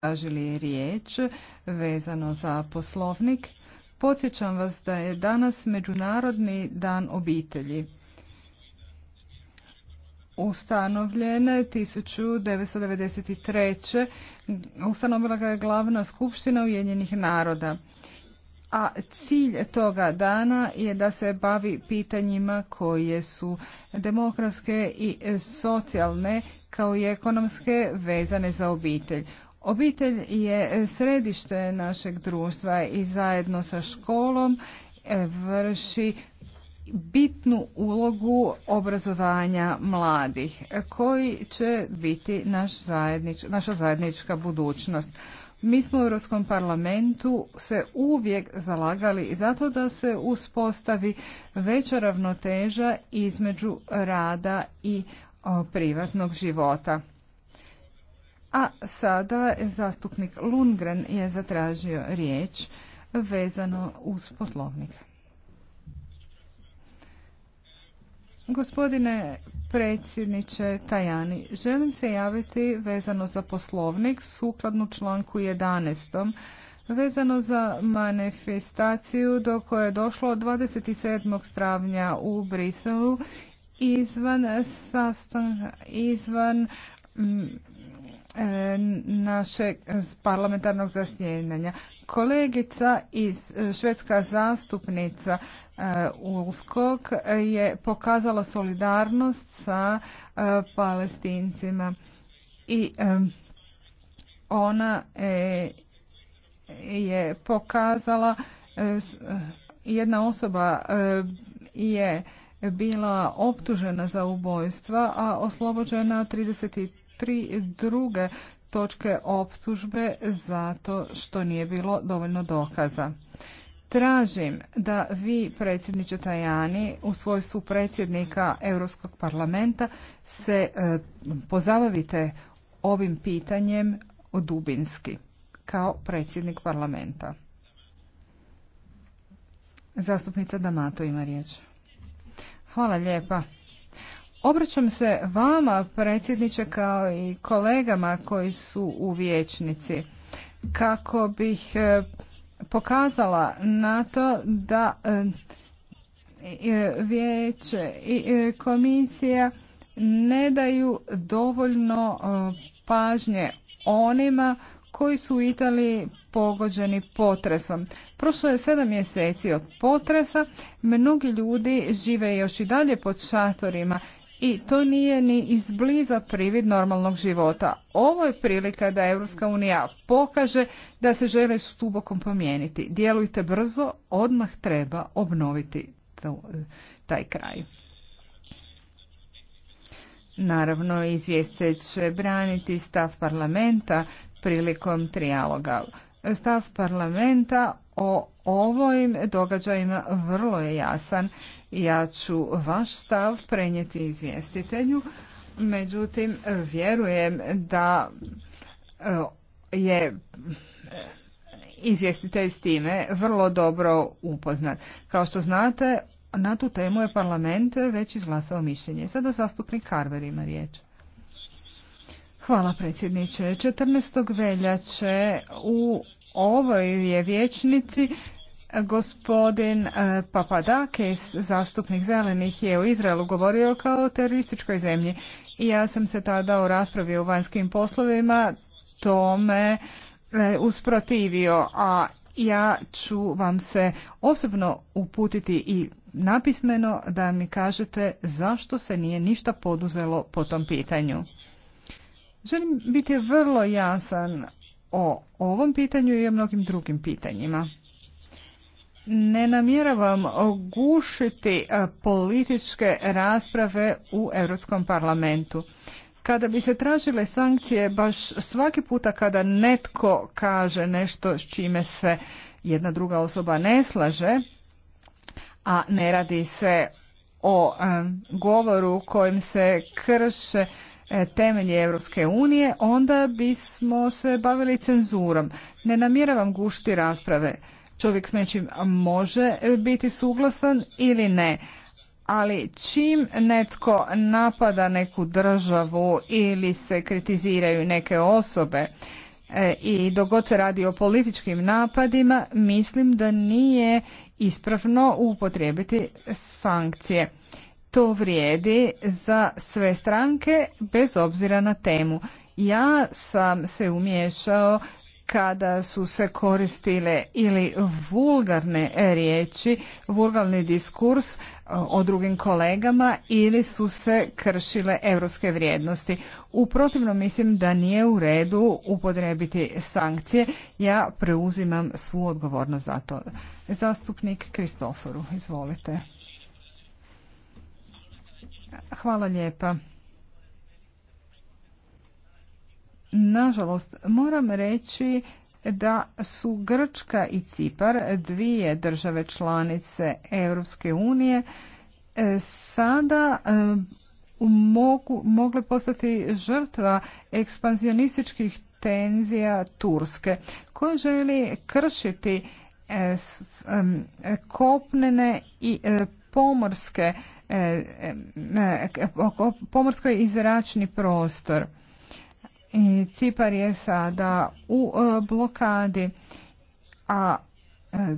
tražili riječ vezano za poslovnik. Podsjećam vas da je danas Međunarodni dan obitelji. Ustanovljen 1993. Ustanovila ga je glavna skupština Ujedinjenih naroda. A cilj toga dana je da se bavi pitanjima koje su demokratske i socijalne kao i ekonomske vezane za obitelj. Obitelj je središte našeg društva i zajedno sa školom e, vrši bitnu ulogu obrazovanja mladih koji će biti naš naša zajednička budućnost. Mi smo u Europskom parlamentu se uvijek zalagali zato da se uspostavi veća ravnoteža između rada i privatnog života. A sada zastupnik Lundgren je zatražio riječ vezano uz poslovnik. Gospodine predsjedniče Tajani, želim se javiti vezano za poslovnik sukladno članku 11. Vezano za manifestaciju do koje je došlo 27. stravnja u Briselu izvan sastanka, izvan E, našeg parlamentarnog zasjedanja Kolegica iz e, švedska zastupnica e, Ulskog je pokazala solidarnost sa palestincima i ona je pokazala jedna osoba je bila optužena za ubojstva, a oslobođena 33 tri druge točke optužbe zato što nije bilo dovoljno dokaza. Tražim da vi, predsjedniče Tajani, u svojstvu predsjednika Europskog parlamenta se e, pozabavite ovim pitanjem dubinski kao predsjednik parlamenta. Zastupnica Damato ima riječ. Hvala lijepa. Obraćam se vama, predsjedniče, kao i kolegama koji su u vječnici, kako bih e, pokazala na to da e, e, vijeće i komisija ne daju dovoljno pažnje onima koji su u Italiji pogođeni potresom. Prošlo je sedam mjeseci od potresa, mnogi ljudi žive još i dalje pod šatorima i to nije ni izbliza privid normalnog života. Ovo je prilika da Europska unija pokaže da se žele stubokom promijeniti. Djelujte brzo, odmah treba obnoviti e, taj kraj. Naravno, izvijeste će braniti stav parlamenta prilikom trijaloga. Stav parlamenta o ovim događajima vrlo je jasan. Ja ću vaš stav prenijeti izvjestitelju, međutim vjerujem da e, je izvjestitelj s time vrlo dobro upoznat. Kao što znate, na tu temu je parlament već izglasao mišljenje. Sada zastupnik Karver ima riječ. Hvala predsjedniče. 14. veljače u ovoj je vječnici Gospodin e, Papadakis, zastupnik zelenih, je u Izraelu govorio kao o terorističkoj zemlji. I ja sam se tada u raspravi u vanjskim poslovima tome e, usprotivio, a ja ću vam se osobno uputiti i napismeno da mi kažete zašto se nije ništa poduzelo po tom pitanju. Želim biti vrlo jasan o ovom pitanju i o mnogim drugim pitanjima ne namjeravam gušiti e, političke rasprave u Europskom parlamentu. Kada bi se tražile sankcije baš svaki puta kada netko kaže nešto s čime se jedna druga osoba ne slaže, a ne radi se o e, govoru kojim se krše e, temelji Europske unije, onda bismo se bavili cenzurom. Ne namjeravam gušiti rasprave čovjek s nečim može biti suglasan ili ne. Ali čim netko napada neku državu ili se kritiziraju neke osobe e, i dogod se radi o političkim napadima, mislim da nije ispravno upotrijebiti sankcije. To vrijedi za sve stranke bez obzira na temu. Ja sam se umiješao kada su se koristile ili vulgarne riječi, vulgarni diskurs e, o drugim kolegama ili su se kršile europske vrijednosti. U protivnom mislim da nije u redu upotrijebiti sankcije. Ja preuzimam svu odgovornost za to. Zastupnik Kristoforu, izvolite. Hvala lijepa. Nažalost, moram reći da su Grčka i Cipar, dvije države članice Europske unije, e, sada e, mogu, mogle postati žrtva ekspanzionističkih tenzija Turske, koja želi kršiti e, kopnene i pomorske pomorsko i prostor. I Cipar je sada u e, blokadi, a e,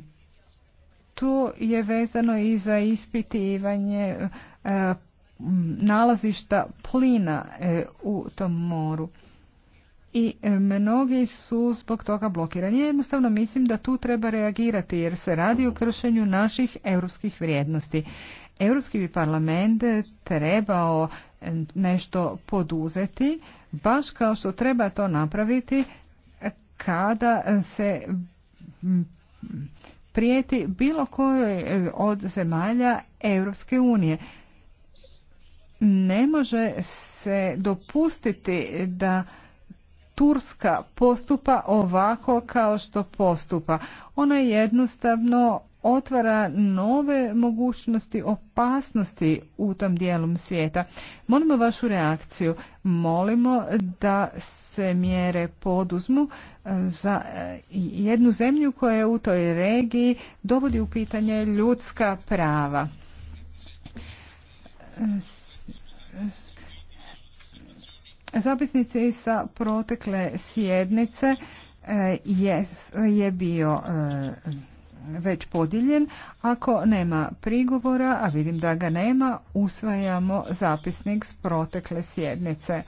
tu je vezano i za ispitivanje e, nalazišta plina u tom moru. I mnogi su zbog toga blokirani. Jednostavno mislim da tu treba reagirati jer se radi o kršenju naših europskih vrijednosti. Europski bi parlament trebao nešto poduzeti baš kao što treba to napraviti kada se prijeti bilo kojoj od zemalja Europske unije. Ne može se dopustiti da Turska postupa ovako kao što postupa. Ona jednostavno otvara nove mogućnosti opasnosti u tom dijelu svijeta. Molimo vašu reakciju. Molimo da se mjere poduzmu e, za e, jednu zemlju koja je u toj regiji dovodi u pitanje ljudska prava. Zapisnici sa protekle sjednice e, je, je bio već podijeljen. Ako nema prigovora, a vidim da ga nema, usvajamo zapisnik s protekle sjednice.